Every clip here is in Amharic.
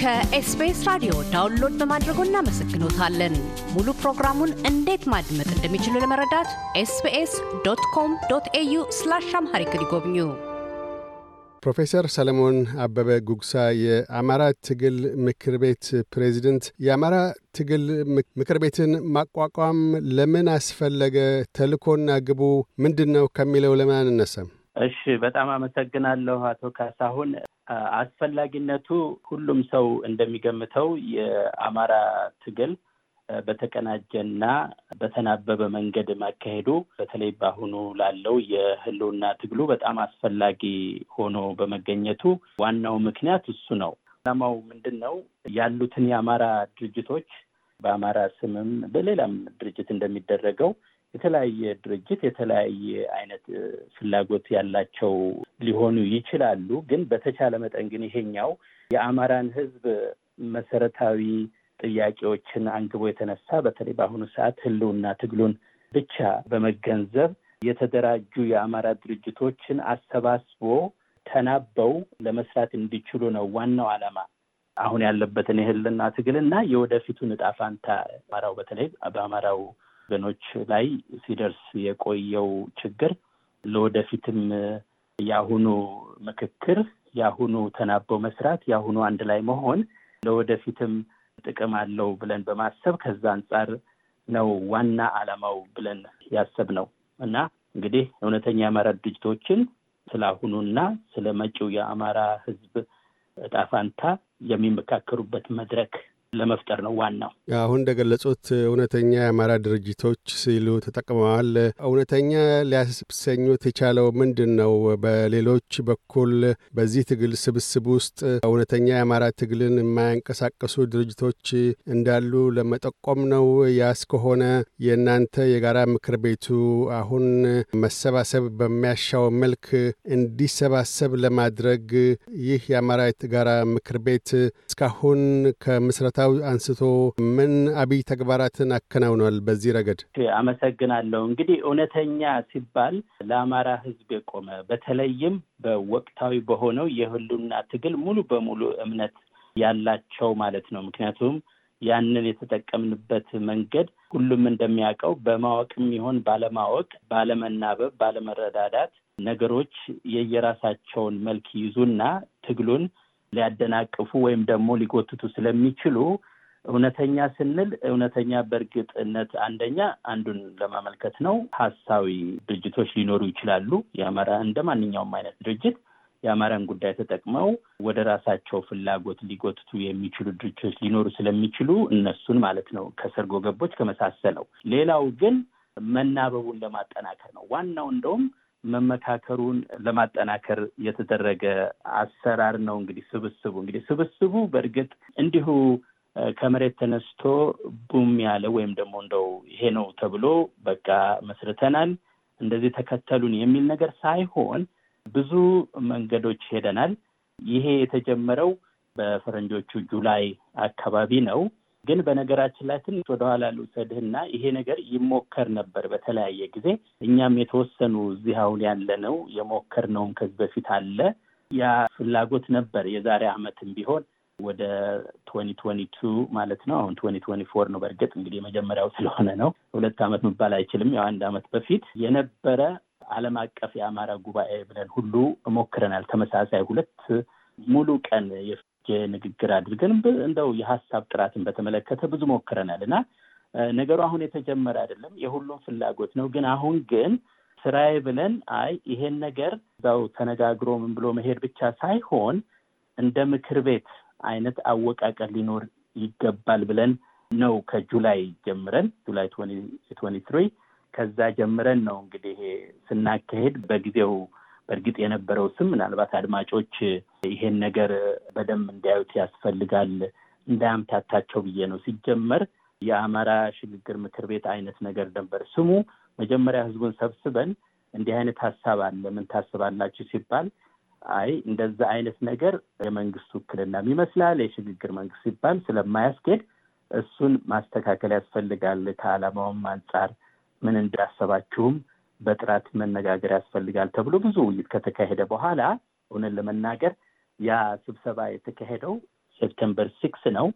ከኤስቢኤስ ራዲዮ ዳውንሎድ በማድረጎ እናመሰግኖታለን። ሙሉ ፕሮግራሙን እንዴት ማድመጥ እንደሚችሉ ለመረዳት ኤስቢኤስ ዶት ኮም ዶት ኤዩ ስላሽ አምሃሪክ ይጎብኙ። ፕሮፌሰር ሰለሞን አበበ ጉግሳ የአማራ ትግል ምክር ቤት ፕሬዚደንት፣ የአማራ ትግል ምክር ቤትን ማቋቋም ለምን አስፈለገ? ተልእኮና ግቡ ምንድን ነው ከሚለው ለምን አንነሳም? እሺ፣ በጣም አመሰግናለሁ አቶ ካሳሁን። አስፈላጊነቱ ሁሉም ሰው እንደሚገምተው የአማራ ትግል በተቀናጀና በተናበበ መንገድ ማካሄዱ በተለይ በአሁኑ ላለው የህልውና ትግሉ በጣም አስፈላጊ ሆኖ በመገኘቱ ዋናው ምክንያት እሱ ነው። ዓላማው ምንድን ነው? ያሉትን የአማራ ድርጅቶች በአማራ ስምም በሌላም ድርጅት እንደሚደረገው የተለያየ ድርጅት የተለያየ አይነት ፍላጎት ያላቸው ሊሆኑ ይችላሉ። ግን በተቻለ መጠን ግን ይሄኛው የአማራን ህዝብ መሰረታዊ ጥያቄዎችን አንግቦ የተነሳ በተለይ በአሁኑ ሰዓት ህልውና ትግሉን ብቻ በመገንዘብ የተደራጁ የአማራ ድርጅቶችን አሰባስቦ ተናበው ለመስራት እንዲችሉ ነው ዋናው ዓላማ። አሁን ያለበትን የህልና ትግልና የወደፊቱን ዕጣ ፋንታ አማራው በተለይ በአማራው ወገኖች ላይ ሲደርስ የቆየው ችግር ለወደፊትም የአሁኑ ምክክር፣ የአሁኑ ተናበው መስራት፣ የአሁኑ አንድ ላይ መሆን ለወደፊትም ጥቅም አለው ብለን በማሰብ ከዛ አንጻር ነው ዋና ዓላማው ብለን ያሰብ ነው እና እንግዲህ እውነተኛ የአማራ ድርጅቶችን ስለ አሁኑና ስለ መጪው የአማራ ሕዝብ እጣ ፋንታ የሚመካከሩበት መድረክ ለመፍጠር ነው ዋናው። አሁን እንደገለጹት እውነተኛ የአማራ ድርጅቶች ሲሉ ተጠቅመዋል። እውነተኛ ሊያሰኙት የቻለው ምንድን ነው? በሌሎች በኩል በዚህ ትግል ስብስብ ውስጥ እውነተኛ የአማራ ትግልን የማያንቀሳቀሱ ድርጅቶች እንዳሉ ለመጠቆም ነው። ያስ ከሆነ የእናንተ የጋራ ምክር ቤቱ አሁን መሰባሰብ በሚያሻው መልክ እንዲሰባሰብ ለማድረግ ይህ የአማራ ጋራ ምክር ቤት እስካሁን ከምስረታ ስራው አንስቶ ምን አብይ ተግባራትን አከናውኗል? በዚህ ረገድ አመሰግናለሁ። እንግዲህ እውነተኛ ሲባል ለአማራ ህዝብ የቆመ በተለይም በወቅታዊ በሆነው የህልውና ትግል ሙሉ በሙሉ እምነት ያላቸው ማለት ነው። ምክንያቱም ያንን የተጠቀምንበት መንገድ ሁሉም እንደሚያውቀው በማወቅም ይሆን ባለማወቅ፣ ባለመናበብ፣ ባለመረዳዳት ነገሮች የየራሳቸውን መልክ ይዙና ትግሉን ሊያደናቅፉ ወይም ደግሞ ሊጎትቱ ስለሚችሉ እውነተኛ ስንል እውነተኛ በእርግጥነት አንደኛ አንዱን ለማመልከት ነው። ሀሳዊ ድርጅቶች ሊኖሩ ይችላሉ። የአማራ እንደ ማንኛውም አይነት ድርጅት የአማራን ጉዳይ ተጠቅመው ወደ ራሳቸው ፍላጎት ሊጎትቱ የሚችሉ ድርጅቶች ሊኖሩ ስለሚችሉ እነሱን ማለት ነው ከሰርጎ ገቦች ከመሳሰለው። ሌላው ግን መናበቡን ለማጠናከር ነው ዋናው እንደውም መመካከሩን ለማጠናከር የተደረገ አሰራር ነው። እንግዲህ ስብስቡ እንግዲህ ስብስቡ በእርግጥ እንዲሁ ከመሬት ተነስቶ ቡም ያለ ወይም ደግሞ እንደው ይሄ ነው ተብሎ በቃ መስርተናል፣ እንደዚህ ተከተሉን የሚል ነገር ሳይሆን ብዙ መንገዶች ሄደናል። ይሄ የተጀመረው በፈረንጆቹ ጁላይ አካባቢ ነው። ግን በነገራችን ላይ ትንሽ ወደኋላ ልውሰድህና ይሄ ነገር ይሞከር ነበር በተለያየ ጊዜ። እኛም የተወሰኑ እዚህ አሁን ያለነው የሞከርነውም ከዚህ በፊት አለ። ያ ፍላጎት ነበር የዛሬ አመትም ቢሆን ወደ ትወኒ ትወኒ ቱ ማለት ነው። አሁን ትወኒ ትወኒ ፎር ነው። በእርግጥ እንግዲህ የመጀመሪያው ስለሆነ ነው ሁለት ዓመት መባል አይችልም። ያው አንድ አመት በፊት የነበረ ዓለም አቀፍ የአማራ ጉባኤ ብለን ሁሉ ሞክረናል። ተመሳሳይ ሁለት ሙሉ ቀን የንግግር አድርገን እንደው የሀሳብ ጥራትን በተመለከተ ብዙ ሞክረናል እና ነገሩ አሁን የተጀመረ አይደለም፣ የሁሉም ፍላጎት ነው። ግን አሁን ግን ስራዬ ብለን አይ ይሄን ነገር እዛው ተነጋግሮ ምን ብሎ መሄድ ብቻ ሳይሆን እንደ ምክር ቤት አይነት አወቃቀር ሊኖር ይገባል ብለን ነው ከጁላይ ጀምረን ጁላይ ትወኒ ትሪ ከዛ ጀምረን ነው እንግዲህ ስናካሄድ በጊዜው በእርግጥ የነበረው ስም ምናልባት አድማጮች ይሄን ነገር በደንብ እንዲያዩት ያስፈልጋል እንዳያምታታቸው ብዬ ነው። ሲጀመር የአማራ ሽግግር ምክር ቤት አይነት ነገር ነበር ስሙ። መጀመሪያ ህዝቡን ሰብስበን እንዲህ አይነት ሀሳብ አለ፣ ምን ታስባላችሁ ሲባል አይ እንደዛ አይነት ነገር የመንግስት ውክልናም ይመስላል የሽግግር መንግስት ሲባል ስለማያስኬድ እሱን ማስተካከል ያስፈልጋል፣ ከዓላማውም አንጻር ምን እንዳሰባችሁም በጥራት መነጋገር ያስፈልጋል ተብሎ ብዙ ውይይት ከተካሄደ በኋላ እውነት ለመናገር ያ ስብሰባ የተካሄደው ሴፕተምበር ሲክስ ነው።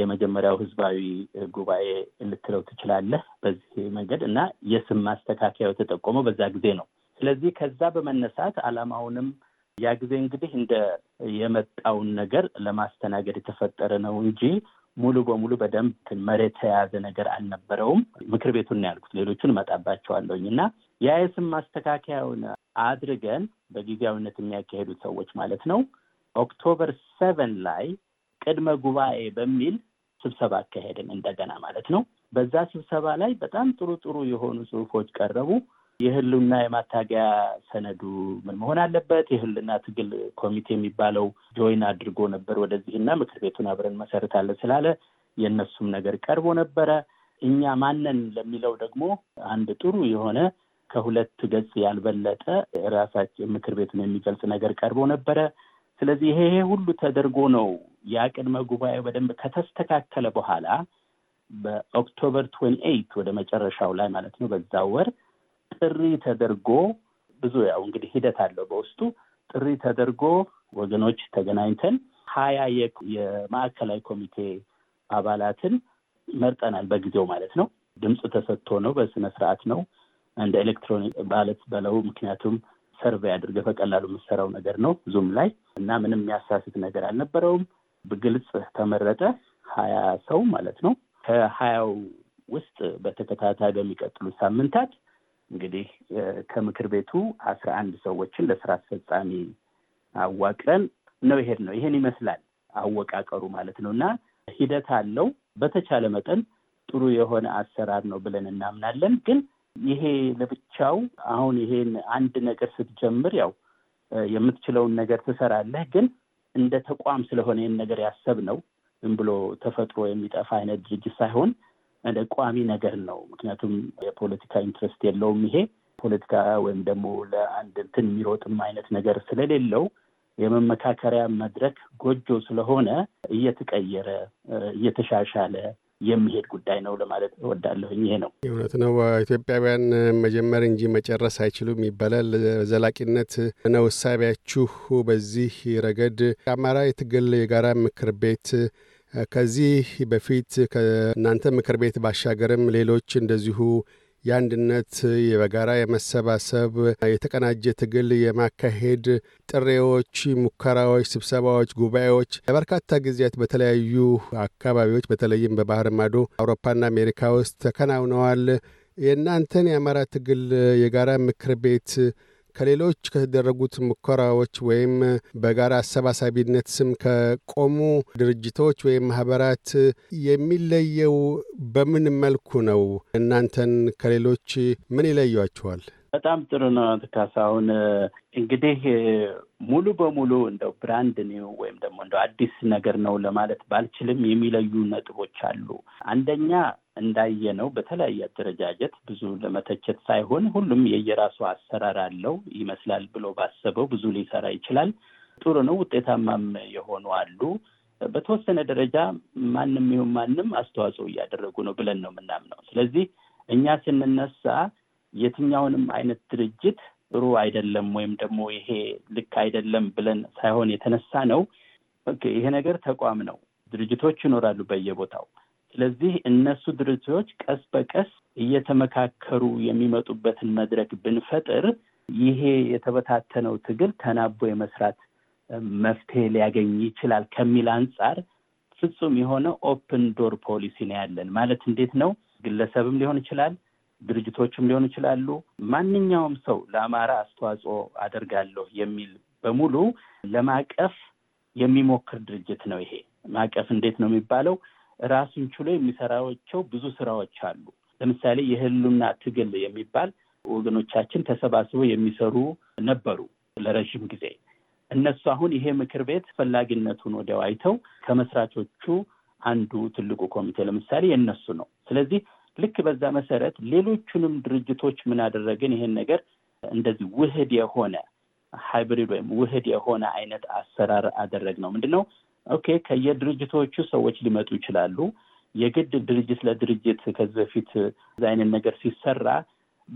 የመጀመሪያው ህዝባዊ ጉባኤ ልትለው ትችላለህ በዚህ መንገድ እና የስም ማስተካከያው የተጠቆመው በዛ ጊዜ ነው። ስለዚህ ከዛ በመነሳት አላማውንም ያ ጊዜ እንግዲህ እንደ የመጣውን ነገር ለማስተናገድ የተፈጠረ ነው እንጂ ሙሉ በሙሉ በደንብ መሬት ተያዘ ነገር አልነበረውም። ምክር ቤቱን ያልኩት። ሌሎቹን እመጣባቸዋለሁኝ እና ያ የስም ማስተካከያውን አድርገን በጊዜያዊነት የሚያካሄዱት ሰዎች ማለት ነው። ኦክቶበር ሰቨን ላይ ቅድመ ጉባኤ በሚል ስብሰባ አካሄድን እንደገና ማለት ነው። በዛ ስብሰባ ላይ በጣም ጥሩ ጥሩ የሆኑ ጽሁፎች ቀረቡ። የህልና የማታገያ ሰነዱ ምን መሆን አለበት? የህልና ትግል ኮሚቴ የሚባለው ጆይን አድርጎ ነበር ወደዚህና ምክር ቤቱን አብረን መሰረታለን ስላለ የእነሱም ነገር ቀርቦ ነበረ። እኛ ማንን ለሚለው ደግሞ አንድ ጥሩ የሆነ ከሁለት ገጽ ያልበለጠ ራሳቸው ምክር ቤቱን የሚገልጽ ነገር ቀርቦ ነበረ። ስለዚህ ይሄ ሁሉ ተደርጎ ነው ያ ቅድመ ጉባኤ በደንብ ከተስተካከለ በኋላ በኦክቶበር ትዌንቲ ኤይት ወደ መጨረሻው ላይ ማለት ነው በዛ ወር ጥሪ ተደርጎ ብዙ ያው እንግዲህ ሂደት አለው በውስጡ ጥሪ ተደርጎ ወገኖች ተገናኝተን ሀያ የማዕከላዊ ኮሚቴ አባላትን መርጠናል። በጊዜው ማለት ነው ድምፅ ተሰጥቶ ነው በስነ ስርዓት ነው እንደ ኤሌክትሮኒክ ባለት በለው ምክንያቱም ሰርቬይ አድርገ በቀላሉ የምሰራው ነገር ነው ዙም ላይ እና ምንም የሚያሳስት ነገር አልነበረውም። በግልጽ ተመረጠ ሀያ ሰው ማለት ነው። ከሀያው ውስጥ በተከታታይ በሚቀጥሉት ሳምንታት እንግዲህ ከምክር ቤቱ አስራ አንድ ሰዎችን ለስራ አስፈጻሚ አዋቅረን ነው ይሄድ ነው ይሄን ይመስላል አወቃቀሩ ማለት ነው እና ሂደት አለው። በተቻለ መጠን ጥሩ የሆነ አሰራር ነው ብለን እናምናለን ግን ይሄ ለብቻው አሁን ይሄን አንድ ነገር ስትጀምር ያው የምትችለውን ነገር ትሰራለህ። ግን እንደ ተቋም ስለሆነ ይህን ነገር ያሰብ ነው ዝም ብሎ ተፈጥሮ የሚጠፋ አይነት ድርጅት ሳይሆን ቋሚ ነገር ነው። ምክንያቱም የፖለቲካ ኢንትረስት የለውም ይሄ ፖለቲካ ወይም ደግሞ ለአንድ እንትን የሚሮጥም አይነት ነገር ስለሌለው የመመካከሪያ መድረክ ጎጆ ስለሆነ እየተቀየረ እየተሻሻለ የሚሄድ ጉዳይ ነው ለማለት እወዳለሁ። ይሄ ነው እውነት ነው። ኢትዮጵያውያን መጀመር እንጂ መጨረስ አይችሉም ይባላል። ዘላቂነት ነው እሳቢያችሁ። በዚህ ረገድ የአማራ የትግል የጋራ ምክር ቤት ከዚህ በፊት ከእናንተ ምክር ቤት ባሻገርም ሌሎች እንደዚሁ የአንድነት የበጋራ የመሰባሰብ የተቀናጀ ትግል የማካሄድ ጥሬዎች፣ ሙከራዎች፣ ስብሰባዎች፣ ጉባኤዎች ለበርካታ ጊዜያት በተለያዩ አካባቢዎች በተለይም በባህር ማዶ አውሮፓና አሜሪካ ውስጥ ተከናውነዋል። የእናንተን የአማራ ትግል የጋራ ምክር ቤት ከሌሎች ከተደረጉት ሙከራዎች ወይም በጋራ አሰባሳቢነት ስም ከቆሙ ድርጅቶች ወይም ማህበራት የሚለየው በምን መልኩ ነው? እናንተን ከሌሎች ምን ይለያችኋል? በጣም ጥሩ ነው ካሳሁን። እንግዲህ ሙሉ በሙሉ እንደው ብራንድ ኒው ወይም ደግሞ እንደው አዲስ ነገር ነው ለማለት ባልችልም የሚለዩ ነጥቦች አሉ። አንደኛ እንዳየ ነው በተለያየ አደረጃጀት ብዙ ለመተቸት ሳይሆን ሁሉም የየራሱ አሰራር አለው ይመስላል ብሎ ባሰበው ብዙ ሊሰራ ይችላል። ጥሩ ነው። ውጤታማም የሆኑ አሉ። በተወሰነ ደረጃ ማንም ይሁን ማንም አስተዋጽኦ እያደረጉ ነው ብለን ነው የምናምነው። ስለዚህ እኛ ስንነሳ የትኛውንም አይነት ድርጅት ጥሩ አይደለም ወይም ደግሞ ይሄ ልክ አይደለም ብለን ሳይሆን የተነሳ ነው። ይሄ ነገር ተቋም ነው። ድርጅቶች ይኖራሉ በየቦታው። ስለዚህ እነሱ ድርጅቶች ቀስ በቀስ እየተመካከሩ የሚመጡበትን መድረክ ብንፈጥር ይሄ የተበታተነው ትግል ተናቦ የመስራት መፍትሄ ሊያገኝ ይችላል ከሚል አንጻር ፍጹም የሆነ ኦፕን ዶር ፖሊሲ ነው ያለን። ማለት እንዴት ነው? ግለሰብም ሊሆን ይችላል፣ ድርጅቶችም ሊሆኑ ይችላሉ። ማንኛውም ሰው ለአማራ አስተዋጽኦ አደርጋለሁ የሚል በሙሉ ለማቀፍ የሚሞክር ድርጅት ነው። ይሄ ማቀፍ እንዴት ነው የሚባለው? ራሱን ችሎ የሚሰራቸው ብዙ ስራዎች አሉ። ለምሳሌ የህልውና ትግል የሚባል ወገኖቻችን ተሰባስበው የሚሰሩ ነበሩ ለረዥም ጊዜ። እነሱ አሁን ይሄ ምክር ቤት አስፈላጊነቱን ወዲያው አይተው ከመስራቾቹ አንዱ ትልቁ ኮሚቴ ለምሳሌ የእነሱ ነው። ስለዚህ ልክ በዛ መሰረት ሌሎቹንም ድርጅቶች ምን አደረግን? ይሄን ነገር እንደዚህ ውህድ የሆነ ሃይብሪድ ወይም ውህድ የሆነ አይነት አሰራር አደረግ ነው። ምንድን ነው ኦኬ፣ ከየድርጅቶቹ ሰዎች ሊመጡ ይችላሉ። የግድ ድርጅት ለድርጅት ከዚህ በፊት አይነት ነገር ሲሰራ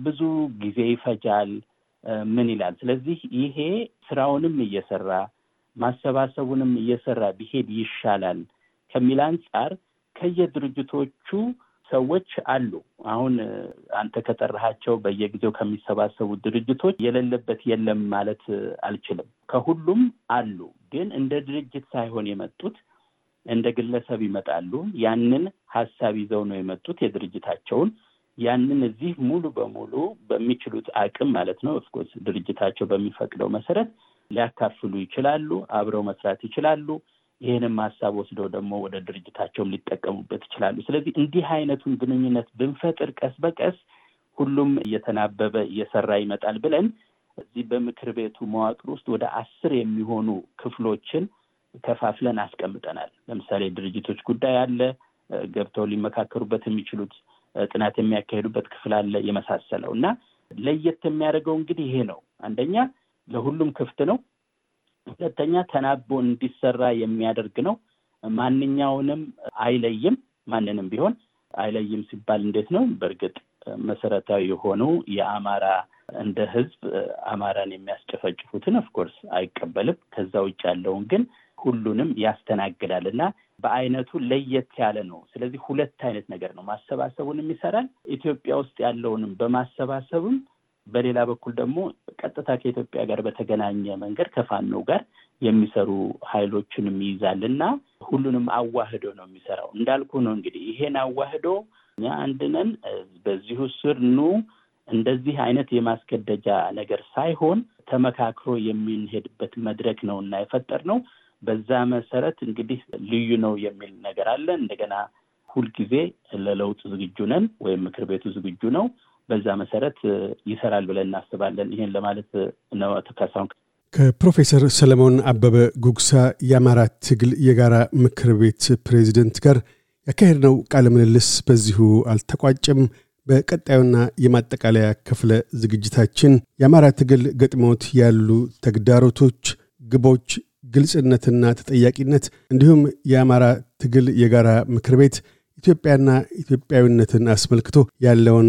ብዙ ጊዜ ይፈጃል። ምን ይላል? ስለዚህ ይሄ ስራውንም እየሰራ ማሰባሰቡንም እየሰራ ቢሄድ ይሻላል ከሚል አንጻር ከየድርጅቶቹ ሰዎች አሉ። አሁን አንተ ከጠራሃቸው በየጊዜው ከሚሰባሰቡ ድርጅቶች የሌለበት የለም ማለት አልችልም። ከሁሉም አሉ፣ ግን እንደ ድርጅት ሳይሆን የመጡት እንደ ግለሰብ ይመጣሉ። ያንን ሀሳብ ይዘው ነው የመጡት የድርጅታቸውን ያንን እዚህ ሙሉ በሙሉ በሚችሉት አቅም ማለት ነው ኦፍኮርስ ድርጅታቸው በሚፈቅደው መሰረት ሊያካፍሉ ይችላሉ። አብረው መስራት ይችላሉ። ይህንም ሀሳብ ወስደው ደግሞ ወደ ድርጅታቸውም ሊጠቀሙበት ይችላሉ። ስለዚህ እንዲህ አይነቱን ግንኙነት ብንፈጥር ቀስ በቀስ ሁሉም እየተናበበ እየሰራ ይመጣል ብለን እዚህ በምክር ቤቱ መዋቅር ውስጥ ወደ አስር የሚሆኑ ክፍሎችን ከፋፍለን አስቀምጠናል። ለምሳሌ ድርጅቶች ጉዳይ አለ፣ ገብተው ሊመካከሩበት የሚችሉት ጥናት የሚያካሂዱበት ክፍል አለ፣ የመሳሰለው እና ለየት የሚያደርገው እንግዲህ ይሄ ነው። አንደኛ ለሁሉም ክፍት ነው። ሁለተኛ ተናቦ እንዲሰራ የሚያደርግ ነው። ማንኛውንም አይለይም፣ ማንንም ቢሆን አይለይም ሲባል እንዴት ነው? በእርግጥ መሰረታዊ የሆኑ የአማራ እንደ ህዝብ አማራን የሚያስጨፈጭፉትን ኦፍኮርስ አይቀበልም። ከዛ ውጭ ያለውን ግን ሁሉንም ያስተናግዳል እና በአይነቱ ለየት ያለ ነው። ስለዚህ ሁለት አይነት ነገር ነው። ማሰባሰቡንም ይሰራል ኢትዮጵያ ውስጥ ያለውንም በማሰባሰብም በሌላ በኩል ደግሞ ቀጥታ ከኢትዮጵያ ጋር በተገናኘ መንገድ ከፋኖ ጋር የሚሰሩ ኃይሎችንም ይይዛል እና ሁሉንም አዋህዶ ነው የሚሰራው። እንዳልኩ ነው እንግዲህ ይሄን አዋህዶ እኛ አንድነን በዚሁ ስር ኑ እንደዚህ አይነት የማስገደጃ ነገር ሳይሆን ተመካክሮ የምንሄድበት መድረክ ነው እና የፈጠር ነው። በዛ መሰረት እንግዲህ ልዩ ነው የሚል ነገር አለ። እንደገና ሁልጊዜ ለለውጥ ዝግጁ ነን ወይም ምክር ቤቱ ዝግጁ ነው። በዛ መሰረት ይሰራል ብለን እናስባለን። ይህን ለማለት ነው። ካሳሁን ከፕሮፌሰር ሰለሞን አበበ ጉግሳ የአማራ ትግል የጋራ ምክር ቤት ፕሬዚደንት ጋር ያካሄድነው ቃለ ምልልስ በዚሁ አልተቋጨም። በቀጣዩና የማጠቃለያ ክፍለ ዝግጅታችን የአማራ ትግል ገጥሞት ያሉ ተግዳሮቶች፣ ግቦች፣ ግልጽነትና ተጠያቂነት እንዲሁም የአማራ ትግል የጋራ ምክር ቤት ኢትዮጵያና ኢትዮጵያዊነትን አስመልክቶ ያለውን